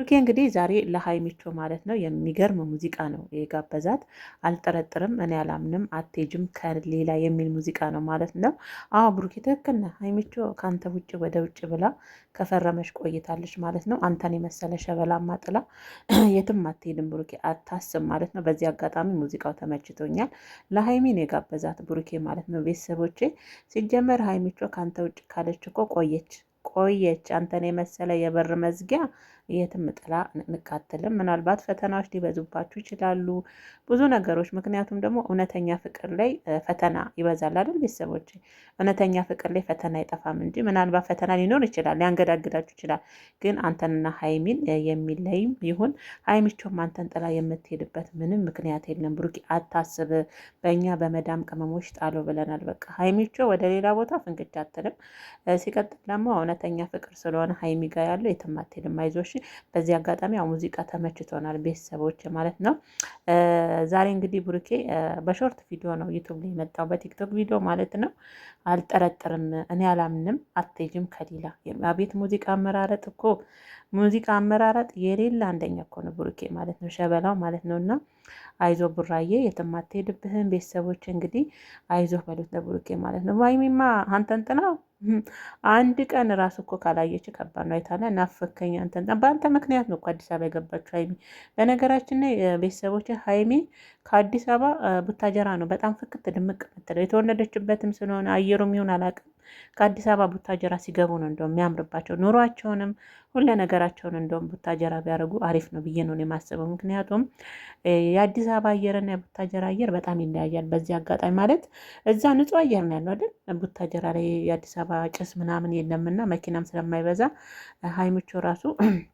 ብሩኬ እንግዲህ ዛሬ ለሀይሚቾ ማለት ነው የሚገርም ሙዚቃ ነው የጋበዛት። አልጠረጥርም፣ እኔ አላምንም፣ አቴጅም ከሌላ የሚል ሙዚቃ ነው ማለት ነው። አዎ ብሩኬ ትክክል ነህ። ሀይሚቾ ከአንተ ውጭ ወደ ውጭ ብላ ከፈረመች ቆይታለች ማለት ነው። አንተን የመሰለ ሸበላማ ጥላ የትም አትሄድም ብሩኬ፣ አታስብ ማለት ነው። በዚህ አጋጣሚ ሙዚቃው ተመችቶኛል። ለሀይሚ የጋበዛት ብሩኬ ማለት ነው። ቤተሰቦቼ ሲጀመር ሀይሚቾ ከአንተ ውጭ ካለች እኮ ቆየች ቆየች። አንተን የመሰለ የበር መዝጊያ የትም ጥላ እንቃትልም። ምናልባት ፈተናዎች ሊበዙባችሁ ይችላሉ፣ ብዙ ነገሮች። ምክንያቱም ደግሞ እውነተኛ ፍቅር ላይ ፈተና ይበዛል አይደል? ቤተሰቦች እውነተኛ ፍቅር ላይ ፈተና አይጠፋም እንጂ ምናልባት ፈተና ሊኖር ይችላል፣ ሊያንገዳግዳችሁ ይችላል። ግን አንተንና ሀይሚን የሚለይም ይሁን ሀይሚቾም አንተን ጥላ የምትሄድበት ምንም ምክንያት የለም። ብሩኪ አታስብ፣ በእኛ በመዳም ቅመሞች ጣሎ ብለናል። በቃ ሀይሚቾ ወደ ሌላ ቦታ ፍንግቻ አትልም። ሲቀጥል ደግሞ እውነተኛ ፍቅር ስለሆነ ሀይሚ ጋ ያለው የተማት ልማይዞሽ በዚህ አጋጣሚ ያው ሙዚቃ ተመችቶናል ቤተሰቦች ማለት ነው። ዛሬ እንግዲህ ብሩኬ በሾርት ቪዲዮ ነው ዩቱብ ላይ የመጣው በቲክቶክ ቪዲዮ ማለት ነው። አልጠረጥርም፣ እኔ አላምንም፣ አትሄጂም ከሌላ አቤት ሙዚቃ አመራረጥ እኮ ሙዚቃ አመራረጥ የሌለ አንደኛ እኮ ነው ብሩኬ ማለት ነው፣ ሸበላው ማለት ነው። እና አይዞ ቡራዬ የትም አትሄድብህም። ቤተሰቦች እንግዲህ አይዞ በሉት ለብሩኬ ማለት ነው። ወይሚማ አንተንጥናው አንድ ቀን ራስ እኮ ካላየች ከባድ ነው። አይታለ ናፈከኝ አንተን። በአንተ ምክንያት ነው እኮ አዲስ አበባ የገባችው ሀይሚ። በነገራችን ላይ ቤተሰቦች ሀይሚ ከአዲስ አበባ ቡታጀራ ነው በጣም ፍክት ድምቅ ምትለው የተወለደችበትም ስለሆነ አየሩም ይሁን አላውቅም ከአዲስ አበባ ቡታጀራ ሲገቡ ነው እንደውም የሚያምርባቸው። ኑሯቸውንም ሁለ ነገራቸውን እንደውም ቡታጀራ ቢያደርጉ አሪፍ ነው ብዬ ነው የማስበው። ምክንያቱም የአዲስ አበባ አየርና የቡታጀራ አየር በጣም ይለያያል። በዚህ አጋጣሚ ማለት እዛ ንጹህ አየር ነው ያለው አይደል? ቡታጀራ ላይ የአዲስ አበባ ጭስ ምናምን የለምና መኪናም ስለማይበዛ ሀይምቾ ራሱ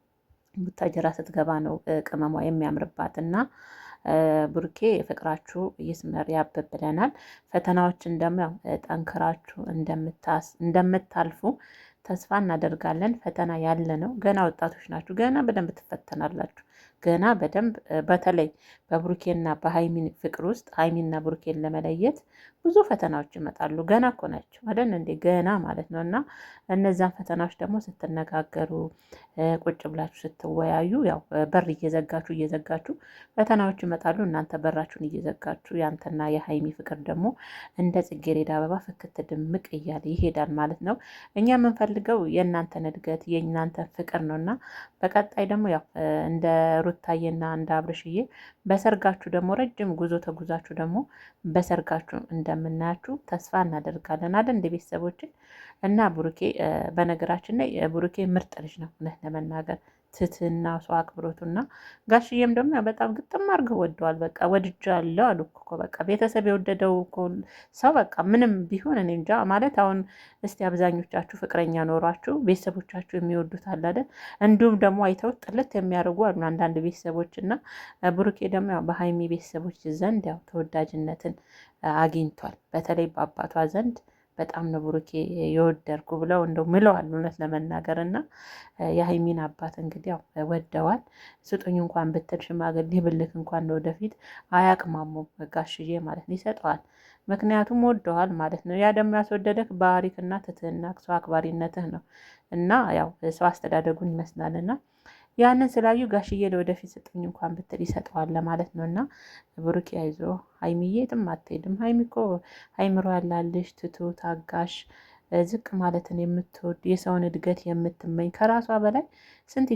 ቡታጀራ ስትገባ ነው ቅመሟ የሚያምርባት እና ብሩኬ ፍቅራችሁ ይስመር ያብብ ብለናል። ፈተናዎችን ደግሞ ያው ጠንክራችሁ እንደምታልፉ ተስፋ እናደርጋለን። ፈተና ያለ ነው። ገና ወጣቶች ናችሁ። ገና በደንብ ትፈተናላችሁ። ገና በደንብ በተለይ በብሩኬና በሃይሚን ፍቅር ውስጥ ሀይሚና ብሩኬን ለመለየት ብዙ ፈተናዎች ይመጣሉ። ገና እኮ ናቸው አይደል እንዴ? ገና ማለት ነው። እና እነዚያን ፈተናዎች ደግሞ ስትነጋገሩ፣ ቁጭ ብላችሁ ስትወያዩ፣ ያው በር እየዘጋችሁ እየዘጋችሁ ፈተናዎች ይመጣሉ። እናንተ በራችሁን እየዘጋችሁ ያንተና የሀይሚ ፍቅር ደግሞ እንደ ጽጌረዳ አበባ ፍክት ድምቅ እያለ ይሄዳል ማለት ነው። እኛ የምንፈልገው የእናንተን እድገት የእናንተን ፍቅር ነው እና በቀጣይ ደግሞ ያው እንደ ሩታዬና እንደ አብርሽዬ በሰርጋችሁ ደግሞ ረጅም ጉዞ ተጉዛችሁ ደግሞ በሰርጋችሁ እንደምናያችሁ ተስፋ እናደርጋለን አለ እንደ ቤተሰቦችን እና ብሩኬ በነገራችን ላይ ብሩኬ ምርጥ ልጅ ነው እውነት ለመናገር ትትና ሷ አክብሮቱና ጋሽዬም ደግሞ በጣም ግጥም አድርገው ወደዋል። በቃ ወድጃለሁ አሉ እኮ በቃ ቤተሰብ የወደደው እኮ ሰው በቃ ምንም ቢሆን እኔ እንጃ ማለት አሁን እስቲ አብዛኞቻችሁ ፍቅረኛ ኖሯችሁ ቤተሰቦቻችሁ የሚወዱት አለ አይደል? እንዲሁም ደግሞ አይተው ጥልት የሚያደርጉ አሉ አንዳንድ ቤተሰቦች እና ብሩኬ ደግሞ ያው በሀይሚ ቤተሰቦች ዘንድ ያው ተወዳጅነትን አግኝቷል። በተለይ በአባቷ ዘንድ በጣም ነው ብሩኬ የወደድኩ ብለው እንደው ምለዋል እውነት ለመናገር እና የሀይሚን አባት እንግዲህ ያው ወደዋል። ስጡኝ እንኳን ብትል ሽማግሌ ብልክ እንኳን ወደፊት አያቅማሙ ጋሽዬ ማለት ነው ይሰጠዋል። ምክንያቱም ወደዋል ማለት ነው። ያ ደግሞ ያስወደደህ ባህሪክና ትትህና ሰው አክባሪነትህ ነው እና ያው ሰው አስተዳደጉን ይመስላልና ያንን ስላዩ ጋሽዬ ለወደፊት ስጥኝ እንኳን ብትል ይሰጠዋል ለማለት ነው። እና ብሩክ ያይዞ ሀይሚዬ የትም አትሄድም። ሀይሚ እኮ ሀይምሮ ያላልሽ ትቱ ታጋሽ ዝቅ ማለትን የምትወድ የሰውን እድገት የምትመኝ ከራሷ በላይ ስንት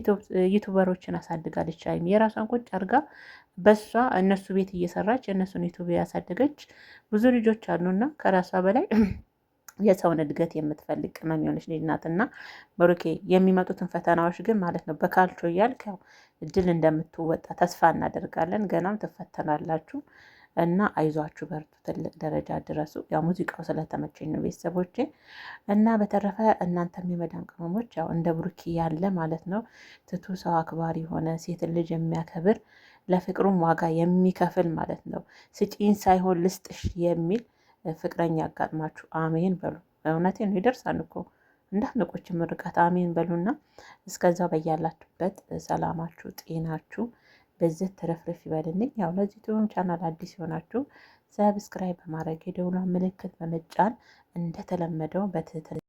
ዩቱበሮችን አሳድጋለች። ሀይሚ የራሷን ቁጭ አድርጋ በሷ እነሱ ቤት እየሰራች እነሱን ዩቱብ ያሳደገች ብዙ ልጆች አሉና ከራሷ በላይ የሰውን እድገት የምትፈልግ ቅመም የሆነች ልጅ ናት እና ብሩኬ የሚመጡትን ፈተናዎች ግን ማለት ነው በካልቾ እያልክ ያው እድል እንደምትወጣ ተስፋ እናደርጋለን። ገናም ትፈተናላችሁ እና አይዟችሁ፣ በርቱ፣ ትልቅ ደረጃ ድረሱ። ያው ሙዚቃው ስለተመቸኝ ነው ቤተሰቦቼ። እና በተረፈ እናንተ የሚመዳን ቅመሞች ያው እንደ ብሩኬ ያለ ማለት ነው ትቱ ሰው አክባሪ የሆነ ሴትን ልጅ የሚያከብር ለፍቅሩም ዋጋ የሚከፍል ማለት ነው ስጪኝ ሳይሆን ልስጥሽ የሚል ፍቅረኛ ያጋጥማችሁ፣ አሜን በሉ። ነው፣ ይደርሳል እኮ እንዳንቆች ምርቃት፣ አሜን በሉና እስከዛ በያላችሁበት ሰላማችሁ፣ ጤናችሁ በዚህ ትርፍርፍ ይበልልኝ። ያው ለዚህ ዩቲዩብ ቻናል አዲስ የሆናችሁ ሰብስክራይብ በማድረግ የደውሏን ምልክት በመጫን እንደተለመደው በትህትና